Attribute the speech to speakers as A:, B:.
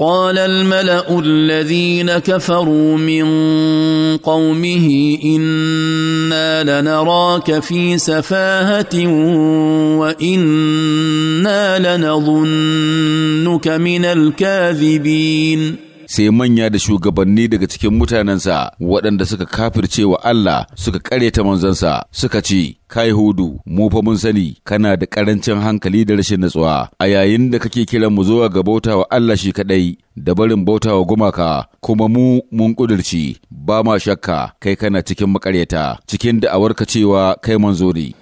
A: قال الملا الذين كفروا من قومه انا لنراك في سفاهه وانا لنظنك من الكاذبين
B: sai manya da shugabanni daga cikin mutanensa waɗanda suka kafirce wa Allah suka ta manzansa suka ce, Kai hudu, mu fa mun sani, kana da ƙarancin hankali da rashin natsuwa, a yayin da kake kiran mu zuwa ga bautawa Allah shi kaɗai, da barin bautawa gumaka, kuma mu mun ƙudurci, ba ma shakka, kai kana cikin maƙaryata, cikin da'awarka cewa kai manzo ne.